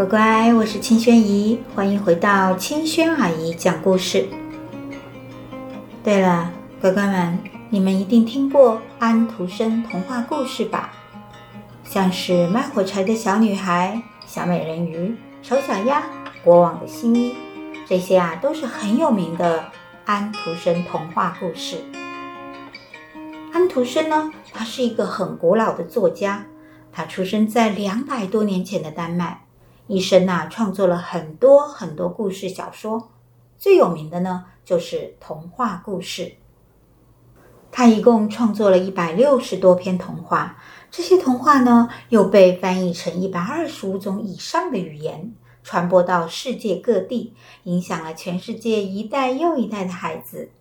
乖乖，我是青萱姨，歡迎回到青萱阿姨講故事。對了，乖乖們，你們一定聽過安徒生童話故事吧？像是《賣火柴的小女孩》、《小美人魚》、《醜小鴨》、《國王的新衣》，這些啊都是很有名的安徒生童話故事。安徒生呢，他是一個很古老的作家，他出生在兩百多年前的丹麥。一生吶、啊，創作了很多很多故事小說，最有名的呢就是童話故事。他一共創作了一百六十多篇童話，這些童話呢又被翻譯成一百二十五種以上的語言，傳播到世界各地，影響了全世界一代又一代的孩子。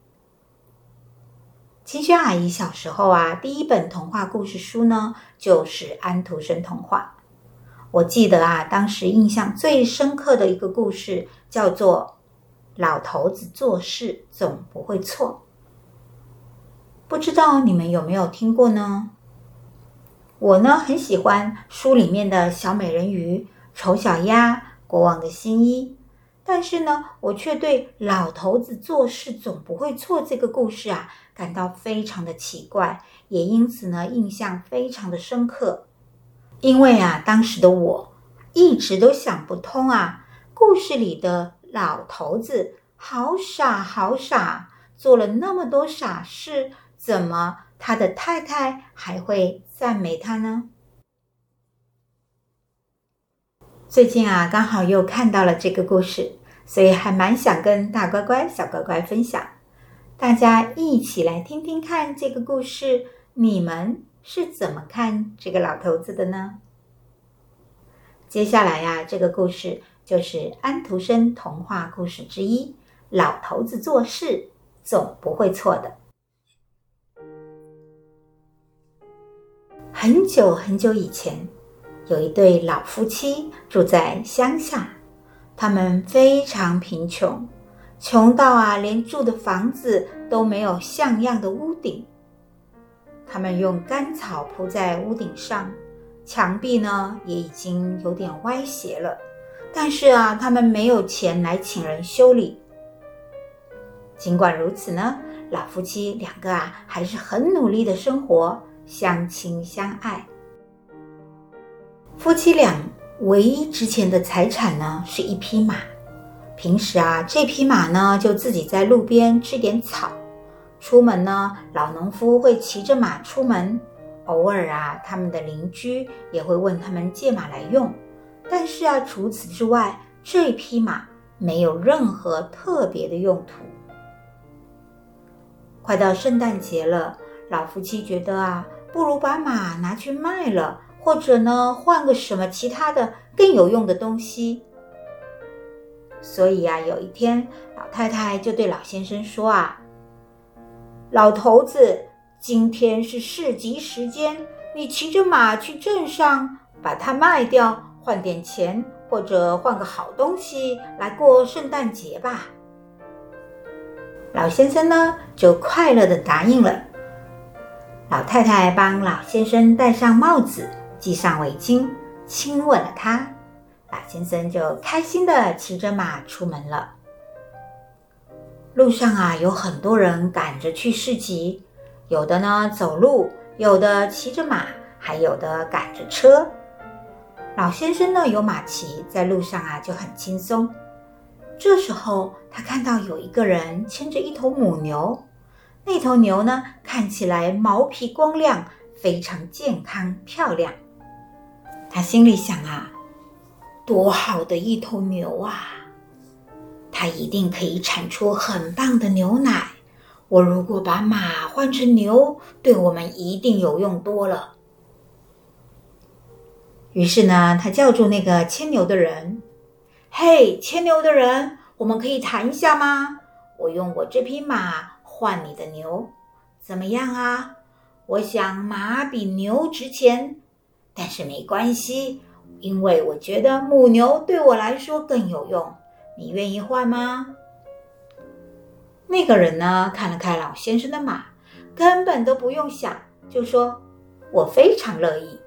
青萱阿姨小時候啊，第一本童話故事書呢就是《安徒生童話》。我記得啊，當時印象最深刻的一個故事叫做《老頭子做事總不會錯》。不知道你們有沒有聽過呢？我呢，很喜歡書裡面的小美人魚、醜小鴨、國王的新衣，但是呢，我卻對“老頭子做事總不會錯”這個故事啊，感到非常的奇怪，也因此呢，印象非常的深刻。因為啊，當時的我一直都想不通啊，故事裡的老頭子好傻好傻，做了那麼多傻事，怎麼他的太太還會讚美他呢？最近啊，剛好又看到了這個故事，所以還蠻想跟大乖乖、小乖乖分享，大家一起來聽聽看這個故事，你們。是怎麼看這個老頭子的呢？接下來呀、啊，這個故事就是安徒生童話故事之一，老頭子做事總不會錯的。很久很久以前，有一對老夫妻住在鄉下，他們非常貧窮，窮到啊，連住的房子都沒有像樣的屋頂。他們用乾草鋪在屋頂上，牆壁呢，也已經有點歪斜了。但是啊，他們沒有錢來請人修理。儘管如此呢，老夫妻兩個啊，還是很努力的生活，相親相愛。夫妻倆唯一值錢的財產呢，是一匹馬，平時啊，這匹馬呢就自己在路邊吃點草。出門呢，老農夫會騎着馬出門。偶爾啊，他們的鄰居也會問他們借馬來用。但是啊，除此之外，這匹馬沒有任何特別的用途。快到聖誕節了，老夫妻覺得啊，不如把馬拿去賣了，或者呢，換個什麼其他的更有用的東西。所以啊，有一天，老太太就對老先生說啊。老頭子，今天是市集時間，你騎着馬去鎮上把它賣掉，換點錢，或者換個好東西來過聖誕節吧。老先生呢，就快樂的答應了。老太太幫老先生戴上帽子，繫上圍巾，親吻了他。老先生就開心的騎着馬出門了。路上啊，有很多人趕着去市集，有的呢走路，有的騎着馬，還有的趕着車。老先生呢有馬騎，在路上啊就很輕鬆。這時候他看到有一個人牽着一頭母牛，那頭牛呢看起來毛皮光亮，非常健康漂亮。他心裡想啊，多好的一頭牛啊！他一定可以產出很棒的牛奶。我如果把馬換成牛，對我們一定有用多了。於是呢，他叫住那個牽牛的人：“嘿，牽牛的人，我們可以談一下嗎？我用我這匹馬換你的牛，怎麼樣啊？我想馬比牛值錢，但是沒關係，因為我覺得母牛對我來說更有用。”你願意換嗎？那個人呢，看了看老先生的馬，根本都不用想，就說：“我非常樂意。”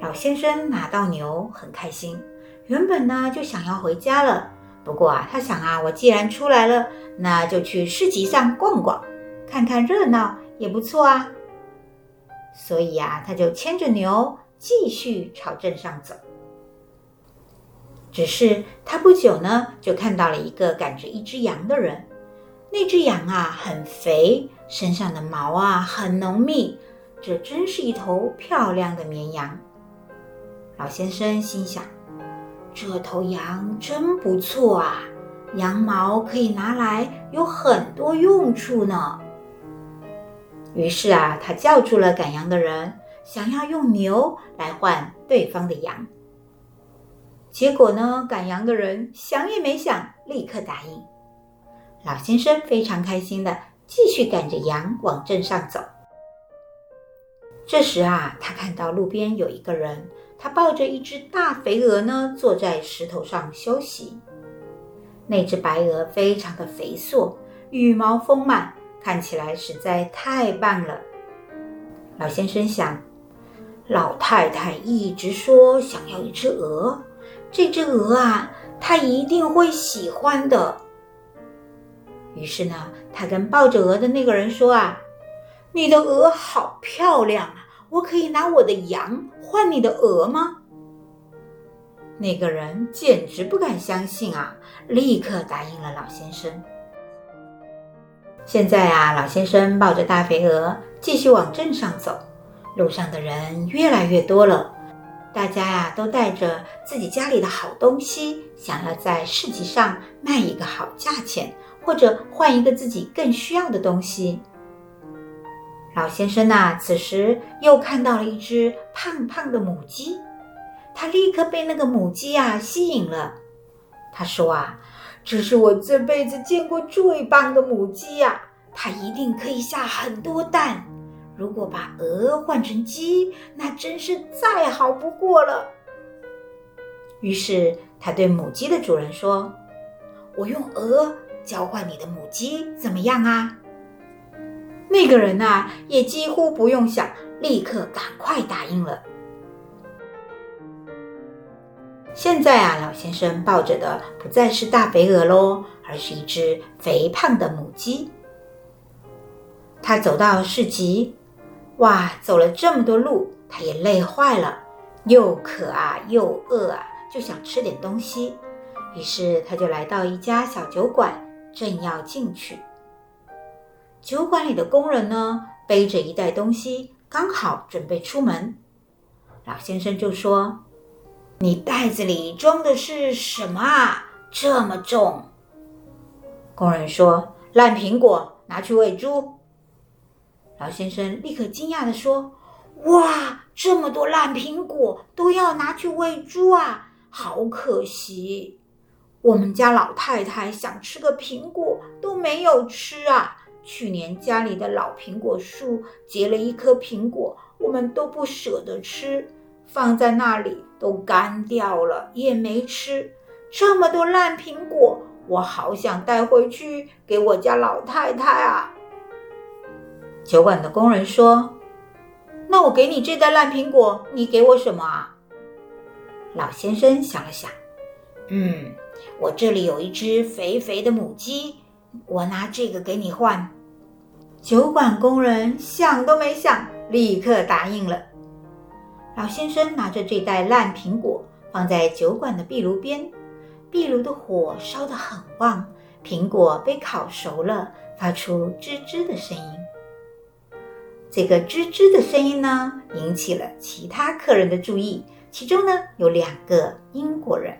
老先生拿到牛很開心，原本呢，就想要回家了。不過啊，他想啊，我既然出來了，那就去市集上逛逛，看看熱鬧也不錯啊。所以呀，他就牽着牛繼續朝鎮上走。只是他不久呢，就看到了一個趕着一只羊的人。那只羊啊，很肥，身上的毛啊，很濃密。這真是一頭漂亮的綿羊。老先生心想：這頭羊真不錯啊，羊毛可以拿來有很多用處呢。於是啊，他叫住了趕羊的人，想要用牛來換對方的羊。結果呢？趕羊的人想也沒想，立刻答應。老先生非常開心的繼續趕着羊往鎮上走。這時啊，他看到路邊有一個人，他抱着一隻大肥鵝呢，坐在石頭上休息。那隻白鵝非常的肥碩，羽毛豐滿，看起來實在太棒了。老先生想，老太太一直說想要一隻鵝。這只鵝啊，他一定會喜歡的。於是呢，他跟抱着鵝的那個人說：“啊，你的鵝好漂亮啊！我可以拿我的羊換你的鵝嗎？”那個人簡直不敢相信啊，立刻答應了老先生。現在啊，老先生抱着大肥鵝繼續往鎮上走，路上的人越來越多了。大家呀，都帶着自己家裡的好東西，想要在市集上賣一個好價錢，或者換一個自己更需要的東西。老先生吶、啊，此時又看到了一隻胖胖的母雞，他立刻被那個母雞啊吸引了。他說啊：“這是我這輩子見過最棒的母雞呀、啊，它一定可以下很多蛋。”如果把鵝換成雞，那真是再好不過了。於是他對母雞的主人說：“我用鵝交換你的母雞，怎麼樣啊？”那個人啊，也幾乎不用想，立刻趕快答應了。現在啊，老先生抱着的不再是大肥鵝嘍，而是一隻肥胖的母雞。他走到市集。哇，走了這麼多路，他也累壞了，又渴啊，又餓啊，就想吃點東西。於是他就來到一家小酒館，正要進去。酒館裡的工人呢，背着一袋東西，剛好準備出門。老先生就說：“你袋子裡裝的是什麼啊？這麼重。”工人說：“爛蘋果，拿去餵豬。”老先生立刻驚訝地說：“哇，這麼多爛蘋果都要拿去餵豬啊，好可惜！我們家老太太想吃個蘋果都沒有吃啊。去年家裡的老蘋果樹結了一顆蘋果，我們都不捨得吃，放在那裡都乾掉了，也沒吃。這麼多爛蘋果，我好想帶回去給我家老太太啊。”酒館的工人說：“那我給你這袋爛蘋果，你給我什麼啊？”老先生想了想，嗯，“我這裡有一隻肥肥的母雞，我拿這個給你換。”酒館工人想都沒想，立刻答應了。老先生拿着這袋爛蘋果放在酒館的壁爐邊，壁爐的火燒得很旺，蘋果被烤熟了，發出吱吱的聲音。這個吱吱的聲音呢，引起了其他客人的注意，其中呢有兩個英國人。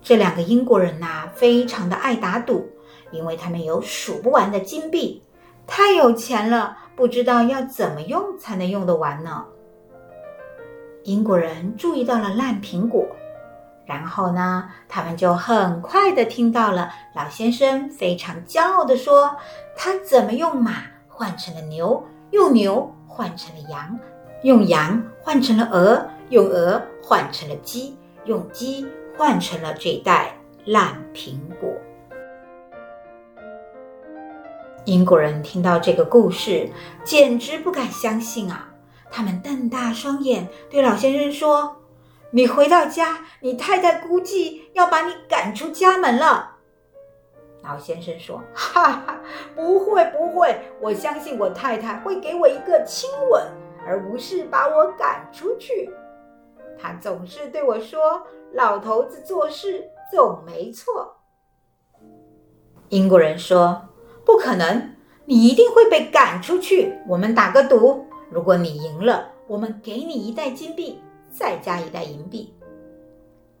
這兩個英國人吶，非常的愛打賭，因為他們有數不完的金幣，太有錢了，不知道要怎麼用才能用得完呢。英國人注意到了爛蘋果，然後呢，他們就很快的聽到了老先生非常驕傲的說：“他怎麼用馬？”換成了牛，用牛換成了羊，用羊換成了鵝，用鵝換成了雞，用鵝換成了雞，用雞換成了這袋爛蘋果。英國人聽到這個故事，簡直不敢相信啊！他們瞪大雙眼，對老先生說：“你回到家，你太太估計要把你趕出家門了。”老先生說：“哈哈，不會不會，我相信我太太會給我一個親吻，而不是把我趕出去。”他總是對我說：“老頭子做事總沒錯。”英國人說：“不可能，你一定會被趕出去。我們打個賭，如果你贏了，我們給你一袋金幣，再加一袋銀幣。”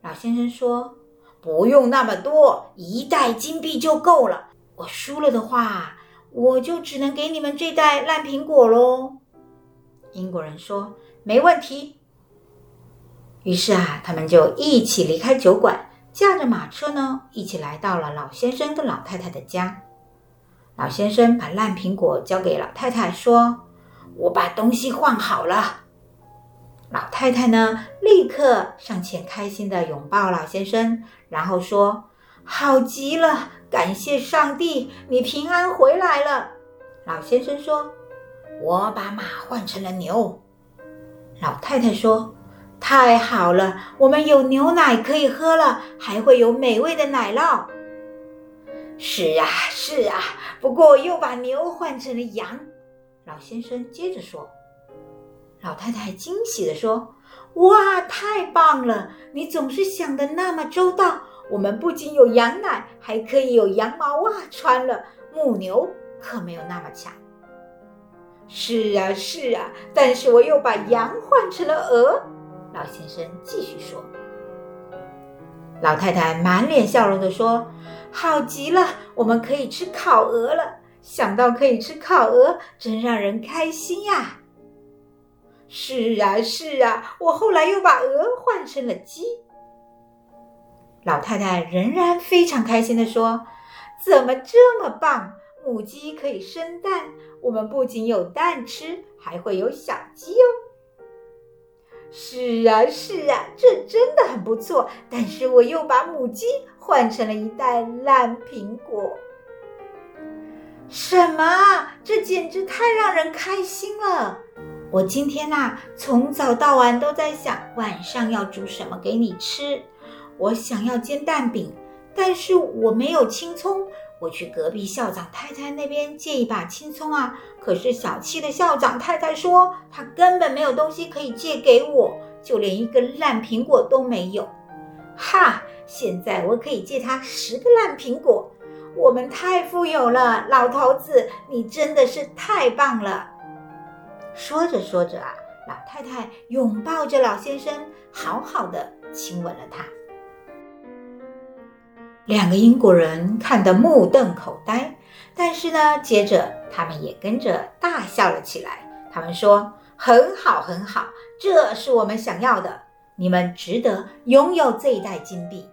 老先生說。不用那麼多，一袋金幣就夠了。我輸了的話，我就只能給你們這袋爛蘋果嘍。英國人說：“沒問題。”於是啊，他們就一起離開酒館，駕着馬車呢，一起來到了老先生跟老太太的家。老先生把爛蘋果交給老太太，說：“我把東西換好了。”老太太呢，立刻上前，開心地擁抱老先生，然後說：“好極了，感謝上帝，你平安回來了。”老先生說：“我把馬換成了牛。”老太太說：“太好了，我們有牛奶可以喝了，還會有美味的奶酪。”“是啊，是啊，不過我又把牛換成了羊。”老先生接着說。老太太驚喜地說：“哇，太棒了！你總是想得那麼周到。我們不僅有羊奶，還可以有羊毛襪穿了。母牛可沒有那麼強。”“是啊，是啊，但是我又把羊換成了鵝。”老先生繼續說。老太太滿臉笑容地說：“好極了，我們可以吃烤鵝了！想到可以吃烤鵝，真讓人開心呀！”是啊，是啊，我後來又把鵝換成了雞。老太太仍然非常開心地說：“怎麼這麼棒？母雞可以生蛋，我們不僅有蛋吃，還會有小雞哦。”是啊，是啊，這真的很不錯。但是我又把母雞換成了一袋爛蘋果。什麼？這簡直太讓人開心了！我今天吶、啊，從早到晚都在想晚上要煮什麼給你吃。我想要煎蛋餅，但是我沒有青蔥。我去隔壁校長太太那邊借一把青蔥啊，可是小氣的校長太太說她根本沒有東西可以借給我，就連一個爛蘋果都沒有。哈，現在我可以借他十個爛蘋果。我們太富有了，老頭子，你真的是太棒了。說着說着啊，老太太擁抱着老先生，好好的親吻了他。兩個英國人看得目瞪口呆，但是呢，接着他們也跟着大笑了起來。他們說：“很好，很好，這是我們想要的，你們值得擁有這一袋金幣。”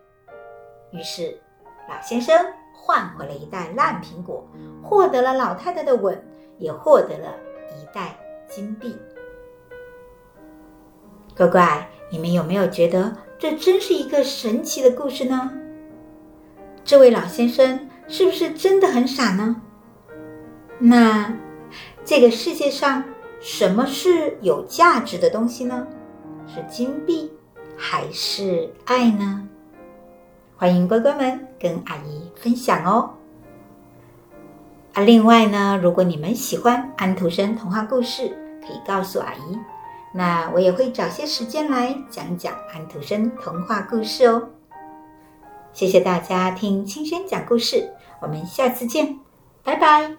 於是，老先生換回了一袋爛蘋果，獲得了老太太的吻，也獲得了一袋金幣，乖乖，你們有沒有覺得這真是一個神奇的故事呢？這位老先生是不是真的很傻呢？那這個世界上什麼是有價值的東西呢？是金幣還是愛呢？歡迎乖乖們跟阿姨分享哦。啊，另外呢，如果你們喜歡安徒生童話故事，可以告訴阿姨，那我也會找些時間來講講安徒生童話故事哦。謝謝大家聽青萱講故事，我們下次見，拜拜。